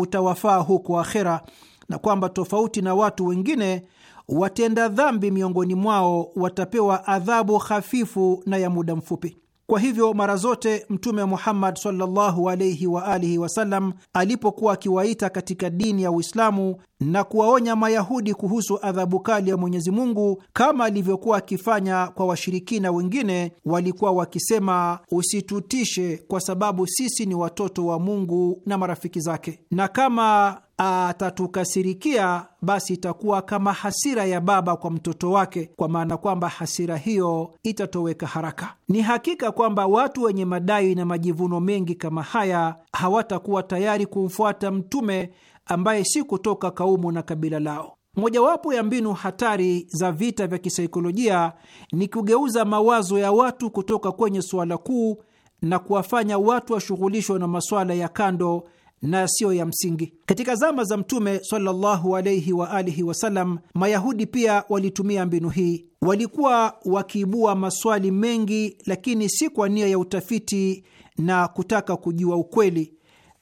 utawafaa huko akhera, na kwamba tofauti na watu wengine, watenda dhambi miongoni mwao watapewa adhabu hafifu na ya muda mfupi. Kwa hivyo mara zote Mtume Muhammad sallallahu alaihi wa alihi wasallam alipokuwa akiwaita katika dini ya Uislamu na kuwaonya Mayahudi kuhusu adhabu kali ya Mwenyezi Mungu kama alivyokuwa akifanya kwa washirikina wengine, walikuwa wakisema, usitutishe, kwa sababu sisi ni watoto wa Mungu na marafiki zake, na kama atatukasirikia, basi itakuwa kama hasira ya baba kwa mtoto wake, kwa maana kwamba hasira hiyo itatoweka haraka. Ni hakika kwamba watu wenye madai na majivuno mengi kama haya hawatakuwa tayari kumfuata Mtume ambaye si kutoka kaumu na kabila lao. Mojawapo ya mbinu hatari za vita vya kisaikolojia ni kugeuza mawazo ya watu kutoka kwenye suala kuu na kuwafanya watu washughulishwe na masuala ya kando na siyo ya msingi. Katika zama za Mtume sallallahu wa alihi wasallam, Mayahudi pia walitumia mbinu hii. Walikuwa wakiibua maswali mengi, lakini si kwa nia ya utafiti na kutaka kujua ukweli,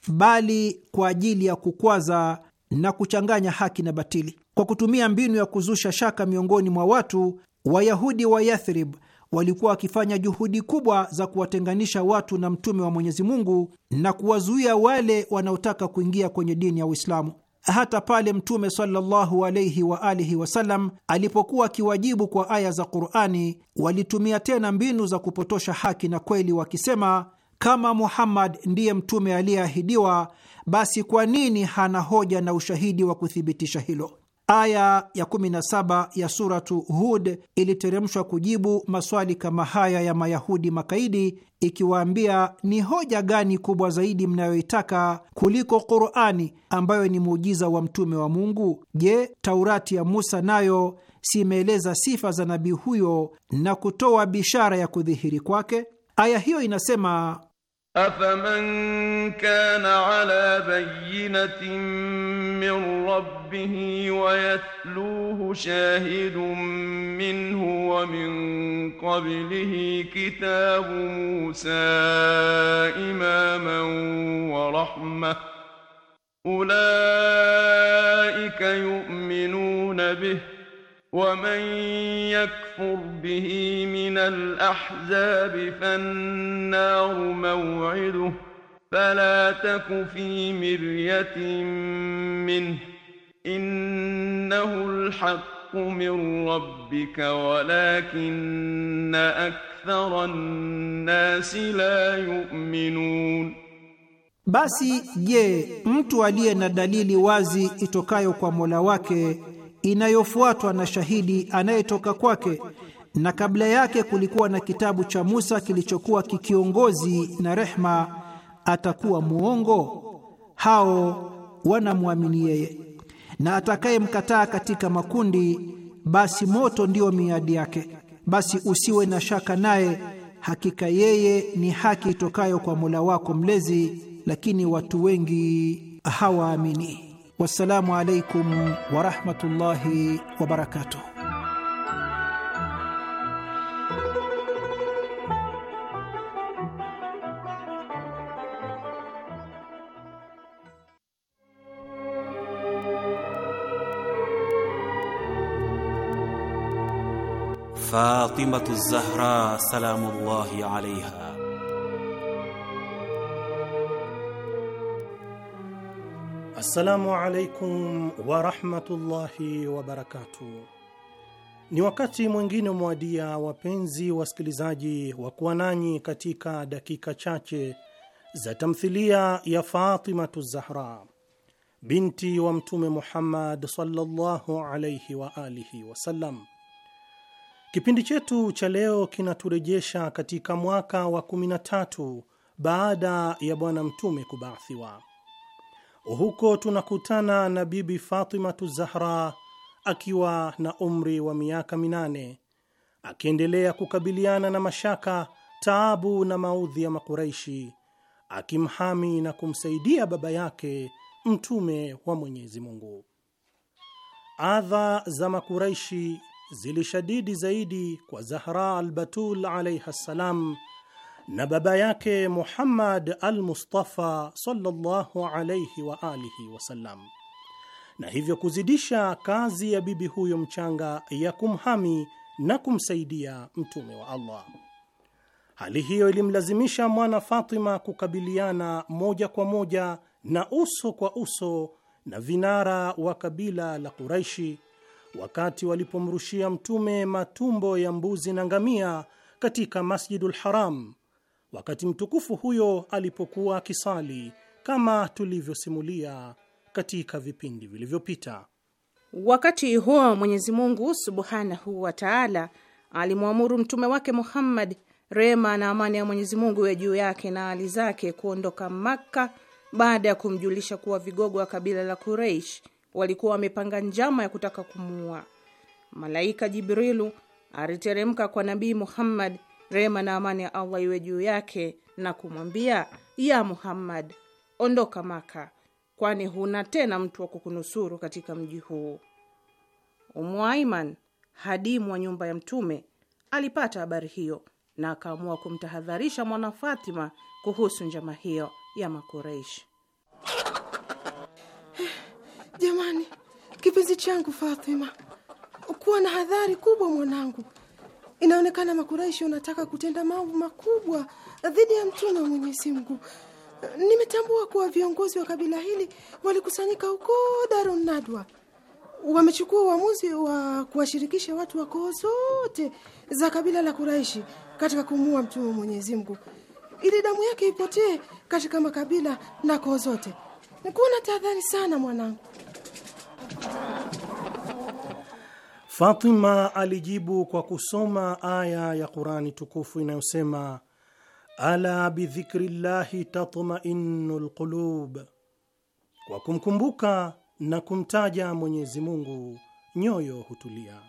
bali kwa ajili ya kukwaza na kuchanganya haki na batili. Kwa kutumia mbinu ya kuzusha shaka miongoni mwa watu, Wayahudi wa Yathrib walikuwa wakifanya juhudi kubwa za kuwatenganisha watu na mtume wa Mwenyezi Mungu na kuwazuia wale wanaotaka kuingia kwenye dini ya Uislamu. Hata pale Mtume sallallahu alaihi wa alihi wasallam alipokuwa akiwajibu kwa aya za Qurani, walitumia tena mbinu za kupotosha haki na kweli, wakisema kama Muhammad ndiye mtume aliyeahidiwa, basi kwa nini hana hoja na ushahidi wa kuthibitisha hilo? Aya ya 17 ya suratu Hud iliteremshwa kujibu maswali kama haya ya Mayahudi makaidi, ikiwaambia ni hoja gani kubwa zaidi mnayoitaka kuliko Qurani ambayo ni muujiza wa mtume wa Mungu? Je, Taurati ya Musa nayo si imeeleza sifa za nabii huyo na kutoa bishara ya kudhihiri kwake? Aya hiyo inasema أفمن كان على بينة من ربه ويتلوه شاهد منه ومن قبله كتاب موسى إماما ورحمة أولئك يؤمنون به ومن يكفر به من الأحزاب فالنار موعده فلا تك في مرية منه إنه الحق من ربك ولكن أكثر الناس لا يؤمنون Basi je, mtu aliye na dalili wazi itokayo kwa Mola wake inayofuatwa na shahidi anayetoka kwake, na kabla yake kulikuwa na kitabu cha Musa kilichokuwa kikiongozi na rehma, atakuwa muongo? Hao wanamwamini yeye. Na atakayemkataa katika makundi, basi moto ndio miadi yake. Basi usiwe na shaka naye, hakika yeye ni haki itokayo kwa Mola wako Mlezi, lakini watu wengi hawaamini. والسلام عليكم ورحمه الله وبركاته فاطمه الزهراء سلام الله عليها Assalamu alaikum warahmatullahi wabarakatu Ni wakati mwingine umewadia, wapenzi wasikilizaji, wa kuwa nanyi katika dakika chache za tamthilia ya Fatimatu Zahra binti wa Mtume Muhammad sallallahu alaihi wa alihi wasallam. Kipindi chetu cha leo kinaturejesha katika mwaka wa 13 baada ya Bwana Mtume kubaathiwa. Huko tunakutana na Bibi Fatimatu Zahra akiwa na umri wa miaka minane akiendelea kukabiliana na mashaka, taabu na maudhi ya Makuraishi, akimhami na kumsaidia baba yake Mtume wa Mwenyezi Mungu. Adha za Makuraishi zilishadidi zaidi kwa Zahra al-Batul alayha ssalam na baba yake Muhammad al-Mustafa sallallahu alayhi wa alihi wasallam, na hivyo kuzidisha kazi ya bibi huyo mchanga ya kumhami na kumsaidia mtume wa Allah. Hali hiyo ilimlazimisha mwana Fatima kukabiliana moja kwa moja na uso kwa uso na vinara wa kabila la Quraishi wakati walipomrushia mtume matumbo ya mbuzi na ngamia katika Masjidul Haram wakati mtukufu huyo alipokuwa akisali kama tulivyosimulia katika vipindi vilivyopita. Wakati huo Mwenyezi Mungu subhanahu wa taala alimwamuru mtume wake Muhammad, rehma na amani ya Mwenyezi Mungu ya juu yake na hali zake, kuondoka Makka baada ya kumjulisha kuwa vigogo wa kabila la Quraish walikuwa wamepanga njama ya kutaka kumuua. Malaika Jibrilu aliteremka kwa Nabii Muhammad rehema na amani ya Allah iwe juu yake na kumwambia, ya Muhammad, ondoka Maka, kwani huna tena mtu wa kukunusuru katika mji huu. Umu Aiman, hadimu wa nyumba ya Mtume, alipata habari hiyo na akaamua kumtahadharisha mwana Fatima kuhusu njama hiyo ya Makureishi. Jamani, kipenzi changu Fatima, ukuwa na hadhari kubwa mwanangu Inaonekana Makuraishi wanataka kutenda mambo makubwa dhidi ya Mtume wa Mwenyezi Mungu. Nimetambua kuwa viongozi wa kabila hili walikusanyika huko Darun Nadwa, wamechukua uamuzi wa kuwashirikisha watu wa koo zote za kabila la Kuraishi katika kumuua Mtume wa Mwenyezi Mungu ili damu yake ipotee katika makabila na koo zote. Nikuona tahadhari sana mwanangu. Fatima alijibu kwa kusoma aya ya Qurani tukufu inayosema ala bidhikri llahi tatmainu lqulub, kwa kumkumbuka na kumtaja Mwenyezi Mungu nyoyo hutulia.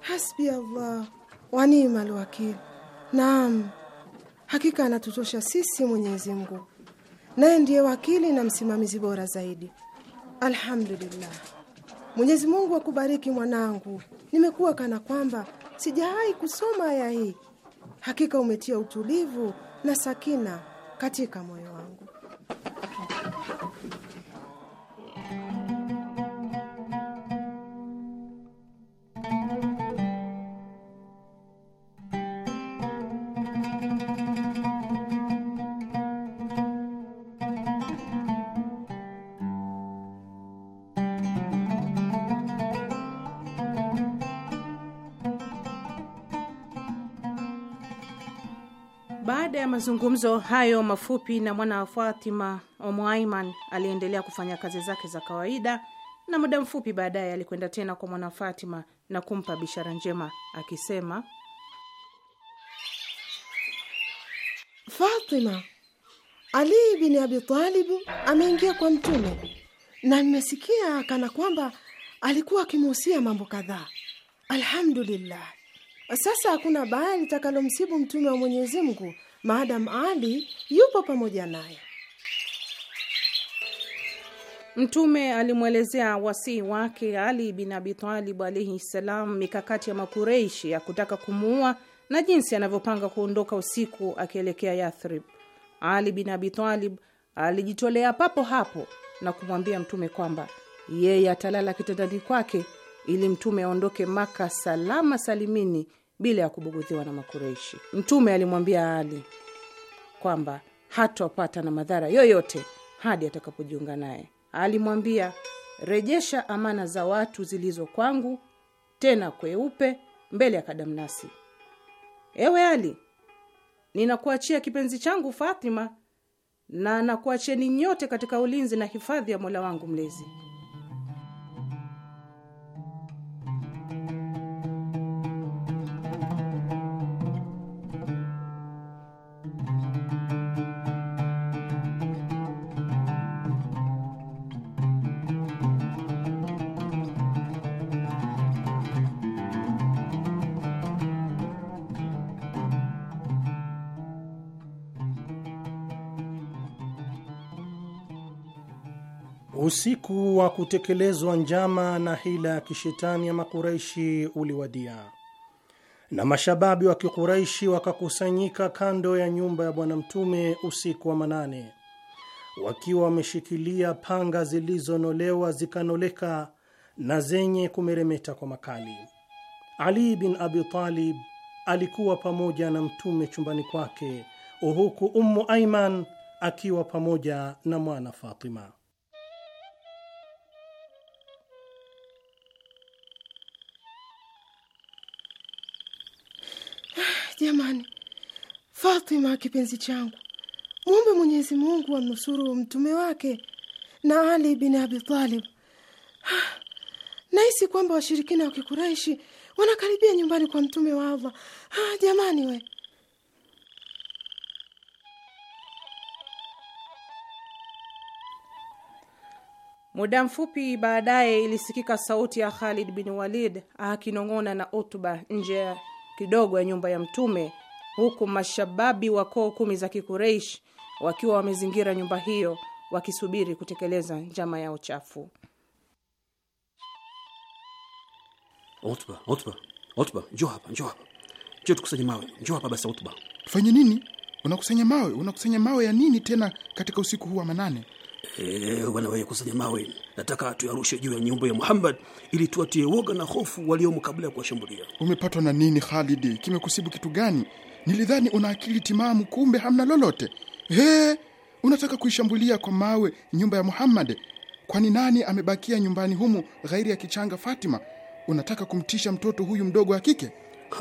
Hasbi Allah wa nimal wakil. Naam, hakika anatutosha sisi Mwenyezi Mungu, naye ndiye wakili na msimamizi bora zaidi. Alhamdulillah. Mwenyezi Mungu akubariki mwanangu. Nimekuwa kana kwamba sijawahi kusoma aya hii. Hakika umetia utulivu na sakina katika moyo wangu. ya mazungumzo hayo mafupi na mwana wa Fatima Omwaiman aliendelea kufanya kazi zake za kawaida, na muda mfupi baadaye alikwenda tena kwa mwana Fatima na kumpa bishara njema akisema, Fatima, Ali bin Abi Talib ameingia kwa Mtume na nimesikia kana kwamba alikuwa akimuhusia mambo kadhaa. Alhamdulillah, sasa hakuna baya litakalomsibu Mtume wa Mwenyezi Mungu Maadamu Ali yupo pamoja naye. Mtume alimwelezea wasii wake Ali bin Abi Talib alaihi ssalam mikakati ya Makureishi ya kutaka kumuua na jinsi anavyopanga kuondoka usiku akielekea Yathrib. Ali bin Abi Talib alijitolea papo hapo na kumwambia Mtume kwamba yeye atalala kitandani kwake ili Mtume aondoke Maka salama salimini bila ya kubugudhiwa na Makureishi. Mtume alimwambia Ali kwamba hatopata na madhara yoyote hadi atakapojiunga naye. Alimwambia, rejesha amana za watu zilizo kwangu, tena kweupe mbele ya Kadamnasi. Ewe Ali, ninakuachia kipenzi changu Fatima na nakuacheni nyote katika ulinzi na hifadhi ya Mola wangu Mlezi. Usiku wa kutekelezwa njama na hila ya kishetani ya Makuraishi uliwadia, na mashababi wa Kikuraishi wakakusanyika kando ya nyumba ya Bwana Mtume usiku wa manane, wakiwa wameshikilia panga zilizonolewa zikanoleka na zenye kumeremeta kwa makali. Ali bin Abi Talib alikuwa pamoja na Mtume chumbani kwake, huku Ummu Aiman akiwa pamoja na mwana Fatima. Jamani, Fatima kipenzi changu, muombe Mwenyezi Mungu amnusuru mtume wake na Ali bin Abi Talib. Ah, nahisi kwamba washirikina wa Kikuraishi wanakaribia nyumbani kwa mtume wa Allah. ah, jamani we Muda mfupi baadaye ilisikika sauti ya Khalid bin Walid akinong'ona na Utba nje kidogo ya nyumba ya Mtume, huku mashababi wa koo kumi za Kikureish wakiwa wamezingira nyumba hiyo wakisubiri kutekeleza njama yao chafu. Utba, Utba, Utba, njoo hapa, njoo hapa. Njoo tukusanye mawe. Njoo hapa basi Utba. nini? Unakusanya mawe? Unakusanya mawe ya nini tena katika usiku huu wa manane? wana bwana kusanya mawe Nataka tuyarushe juu ya nyumba ya Muhammad ili tuatie woga na hofu waliomo kabla ya kuwashambulia. Umepatwa na nini Khalid? Kimekusibu kitu gani? Nilidhani una akili timamu, kumbe hamna lolote. He, unataka kuishambulia kwa mawe nyumba ya Muhammad? Kwani nani amebakia nyumbani humu ghairi ya kichanga Fatima? Unataka kumtisha mtoto huyu mdogo wa kike?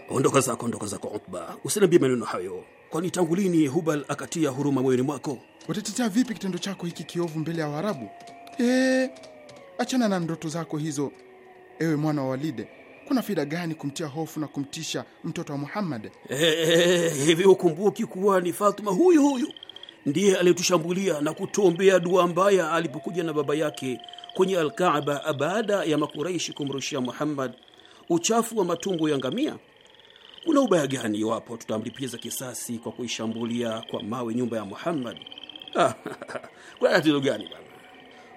Ondoka zako, ondoka zako Utba, usiniambie maneno hayo. Kwani tangu lini Hubal akatia huruma moyoni mwako? Watatetea vipi kitendo chako hiki kiovu mbele ya Waarabu? hachana eh, achana na ndoto zako hizo, ewe mwana wa Walide. Kuna faida gani kumtia hofu na kumtisha mtoto wa Muhammad? Eh, hivi ukumbuki kuwa ni Fatuma huyu huyu ndiye aliyetushambulia na kutuombea dua mbaya alipokuja na baba yake kwenye Alkaaba baada ya Makuraishi kumrushia Muhammad uchafu wa matumbo ya ngamia? Una ubaya gani iwapo tutamlipiza kisasi kwa kuishambulia kwa mawe nyumba ya Muhammad? Ah, kuna tatizo gani bwana?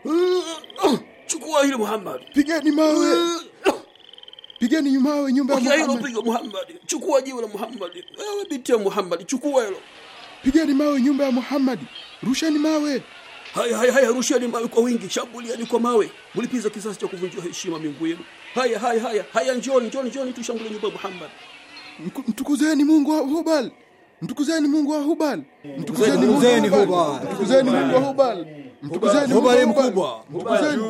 Uh, uh, chukua hili Muhammad, pigeni mawe uh, pigeni mawe nyumba ya Muhammad. Hilo piga Muhammad, chukua jiwe la Muhammad. Wewe eh, binti ya Muhammad, chukua hilo. Pigeni mawe nyumba ya Muhammad, rusheni mawe. Haya haya haya, rusheni mawe kwa wingi, shambulieni kwa mawe, mlipiza kisasi cha kuvunjwa heshima mbingu yenu. Haya haya haya haya, njoni njoni njoni, tushambulie nyumba ya Muhammad mtukuzeni Mungu wa Hubal, mtukuzeni Mungu wa Hubal, mtukuzeni Mungu wa Hubal, mtukuzeni Mungu wa Hubal, mtukuzeni Hubal mkubwa, mtukuzeni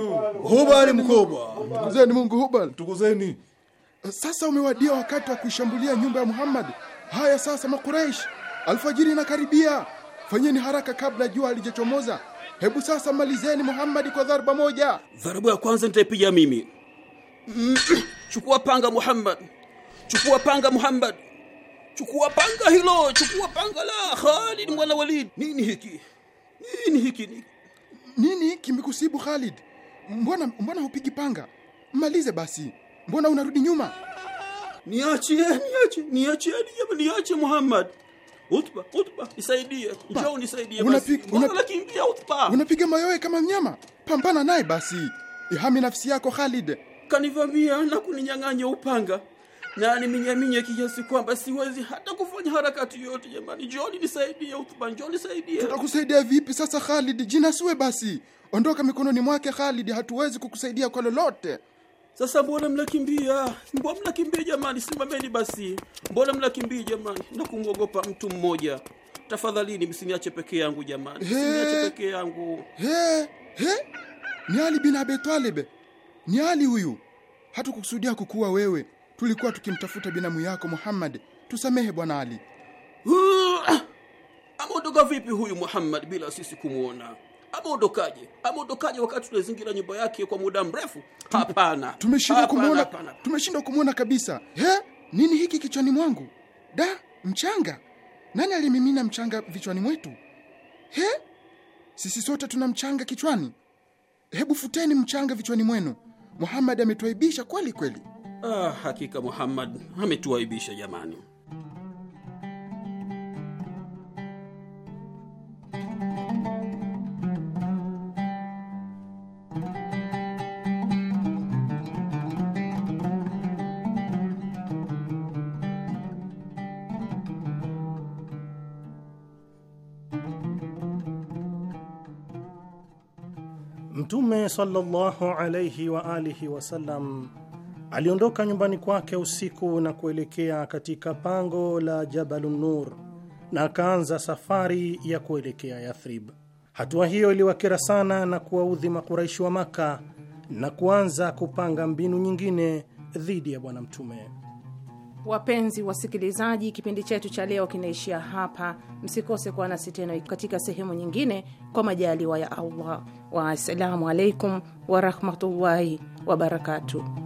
Hubal mkubwa, mtukuzeni Mungu Hubal, mtukuzeni. Sasa umewadia wakati wa kuishambulia nyumba ya Muhammad. Haya sasa, Makuraish, alfajiri inakaribia, fanyeni haraka kabla jua halijachomoza. Hebu sasa malizeni Muhammad kwa dharba moja. Dharba ya kwanza nitaipiga mimi. Mm. Chukua panga Muhammad chukua panga muhammad chukua panga hilo chukua panga la khalid mwana walid nini hiki nini hiki nini, nini kimekusibu khalid mbona mbona hupigi panga malize basi mbona unarudi nyuma niachie niache niachie niache muhammad utba utba nisaidie njoo unisaidie basi utba unapiga mayowe kama mnyama pambana naye basi ihami nafsi yako khalid kanivamia na kuninyang'anya upanga na niminyaminya kiasi kwamba siwezi hata kufanya harakati yote. Jamani, njoni nisaidie, Uthman, njoni nisaidie. Tutakusaidia vipi sasa Khalid? Jinasiwe basi, ondoka mikononi mwake Khalid, hatuwezi kukusaidia kwa lolote. Sasa mbona mnakimbia? Mbona mnakimbia jamani? Simameni basi, mbona mnakimbia jamani? Na kumwogopa mtu mmoja. Tafadhalini msiniache peke yangu jamani, msiniache peke yangu. He, he, ni Ali bin Abi Talib, ni Ali huyu, hatukusudia kukuua wewe tulikuwa tukimtafuta binamu yako Muhammad. Tusamehe Bwana Ali. Ah, ameondoka vipi huyu Muhammad bila sisi kumwona? Ameondokaje? Ameondokaje wakati tunazingira nyumba yake kwa muda mrefu? Hapana, tumeshindwa kumwona, kabisa. He, nini hiki kichwani mwangu? Da, mchanga! Nani alimimina mchanga vichwani mwetu? He, sisi sote tuna mchanga kichwani. Hebu futeni mchanga vichwani mwenu. Muhammad ametuaibisha kweli kweli. Ah, hakika Muhammad ametuaibisha jamani. Mtume sallallahu alayhi wa alihi wasallam Aliondoka nyumbani kwake usiku na kuelekea katika pango la Jabalun Nur na akaanza safari ya kuelekea Yathrib. Hatua hiyo iliwakera sana na kuwaudhi Makuraishi wa Maka na kuanza kupanga mbinu nyingine dhidi ya Bwana Mtume. Wapenzi wasikilizaji, kipindi chetu cha leo kinaishia hapa. Msikose kuwa nasi tena katika sehemu nyingine, kwa majaliwa ya Allah. wassalamu alaikum warahmatullahi wabarakatuh.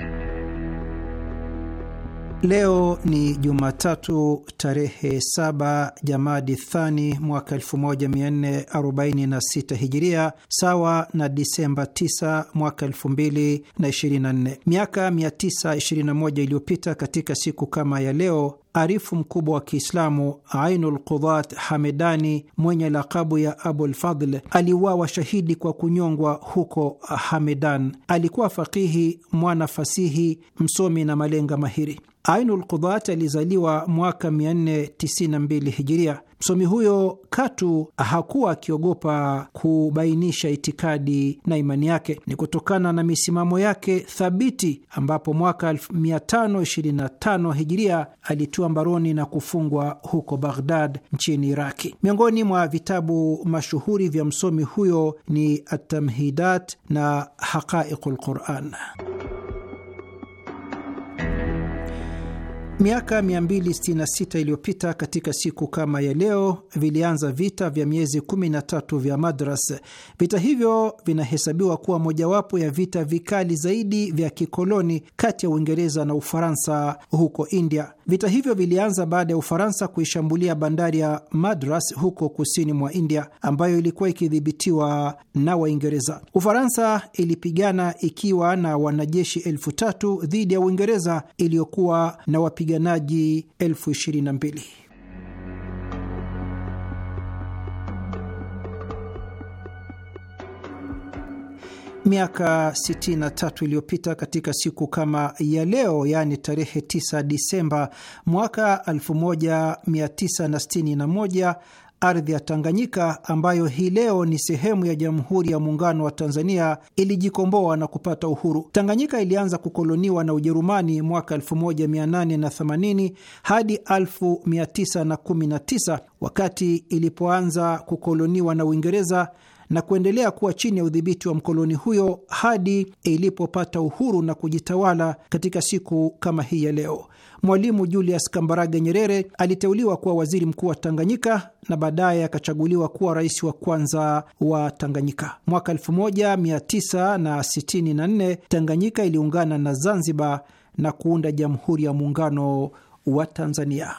Leo ni Jumatatu tarehe 7 Jamadi Thani mwaka 1446 Hijiria, sawa na Disemba 9 mwaka 2024. Miaka 921 iliyopita katika siku kama ya leo arifu mkubwa wa Kiislamu Ainul Qudhat Hamedani mwenye lakabu ya Abulfadl aliuawa shahidi kwa kunyongwa huko Hamedan. Alikuwa fakihi, mwana fasihi, msomi na malenga mahiri. Ainul Qudhat alizaliwa mwaka 492 hijiria. Msomi huyo katu hakuwa akiogopa kubainisha itikadi na imani yake. Ni kutokana na misimamo yake thabiti ambapo mwaka 525 hijiria alitiwa mbaroni na kufungwa huko Baghdad nchini Iraki. Miongoni mwa vitabu mashuhuri vya msomi huyo ni Atamhidat na Haqaiqu lquran. Miaka 266 iliyopita katika siku kama ya leo vilianza vita vya miezi 13 vya Madras. Vita hivyo vinahesabiwa kuwa mojawapo ya vita vikali zaidi vya kikoloni kati ya Uingereza na Ufaransa huko India. Vita hivyo vilianza baada ya Ufaransa kuishambulia bandari ya Madras huko kusini mwa India, ambayo ilikuwa ikidhibitiwa na Waingereza. Ufaransa ilipigana ikiwa na wanajeshi elfu tatu dhidi ya Uingereza iliyokuwa na wapiganaji elfu ishirini na mbili. Miaka 63 iliyopita katika siku kama ya leo, yaani tarehe 9 Disemba mwaka 1961, ardhi ya Tanganyika ambayo hii leo ni sehemu ya Jamhuri ya Muungano wa Tanzania ilijikomboa na kupata uhuru. Tanganyika ilianza kukoloniwa na Ujerumani mwaka 1880 hadi 1919 wakati ilipoanza kukoloniwa na Uingereza na kuendelea kuwa chini ya udhibiti wa mkoloni huyo hadi ilipopata uhuru na kujitawala katika siku kama hii ya leo. Mwalimu Julius Kambarage Nyerere aliteuliwa kuwa waziri mkuu wa Tanganyika na baadaye akachaguliwa kuwa rais wa kwanza wa Tanganyika. Mwaka 1964 Tanganyika iliungana na Zanzibar na kuunda Jamhuri ya Muungano wa Tanzania.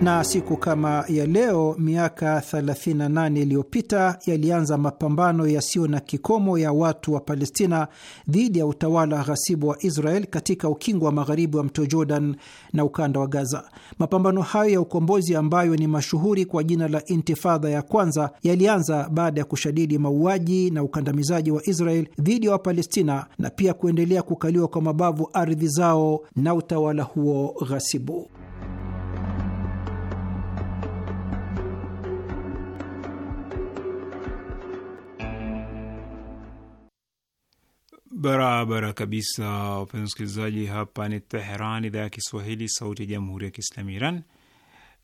na siku kama ya leo miaka 38 iliyopita yalianza mapambano yasiyo na kikomo ya watu wa Palestina dhidi ya utawala ghasibu wa Israel katika ukingo wa magharibi wa mto Jordan na ukanda wa Gaza. Mapambano hayo ya ukombozi ambayo ni mashuhuri kwa jina la Intifadha ya kwanza yalianza baada ya kushadidi mauaji na ukandamizaji wa Israel dhidi ya wa Wapalestina na pia kuendelea kukaliwa kwa mabavu ardhi zao na utawala huo ghasibu. Barabara kabisa, wapenzi wasikilizaji, hapa ni Teheran, idhaa ya Kiswahili, sauti ya jamhuri ya kiislamu Iran.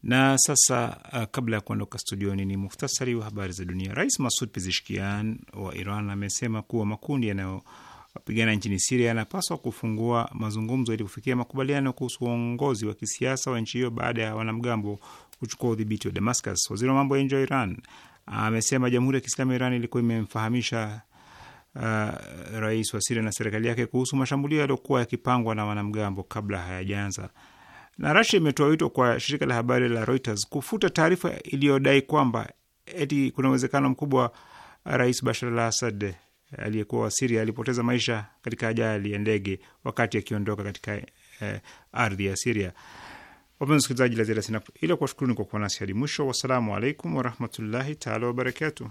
Na sasa uh, kabla ya kuondoka studioni, ni muhtasari wa habari za dunia. Rais Masud Pezishkian wa Iran amesema kuwa makundi yanayopigana nchini Siria yanapaswa kufungua mazungumzo ili kufikia makubaliano kuhusu uongozi wa kisiasa wa nchi hiyo baada ya wanamgambo kuchukua udhibiti wa Damascus. Waziri wa mambo ya nje wa Iran amesema jamhuri ya kiislamu ya Iran ilikuwa imemfahamisha uh, rais wa Siria na serikali yake kuhusu mashambulio yaliyokuwa yakipangwa na wanamgambo kabla hayajaanza. Na Rasia imetoa wito kwa shirika la habari la Reuters kufuta taarifa iliyodai kwamba eti kuna uwezekano mkubwa rais Bashar al Assad aliyekuwa wa Siria alipoteza maisha katika ajali ya ndege wakati akiondoka katika eh, ardhi ya Siria. Wapenzi wasikilizaji, la ziada sina ila kuwashukuruni kwa kuwa nasi hadi mwisho. Wassalamu alaikum warahmatullahi taala wabarakatuh.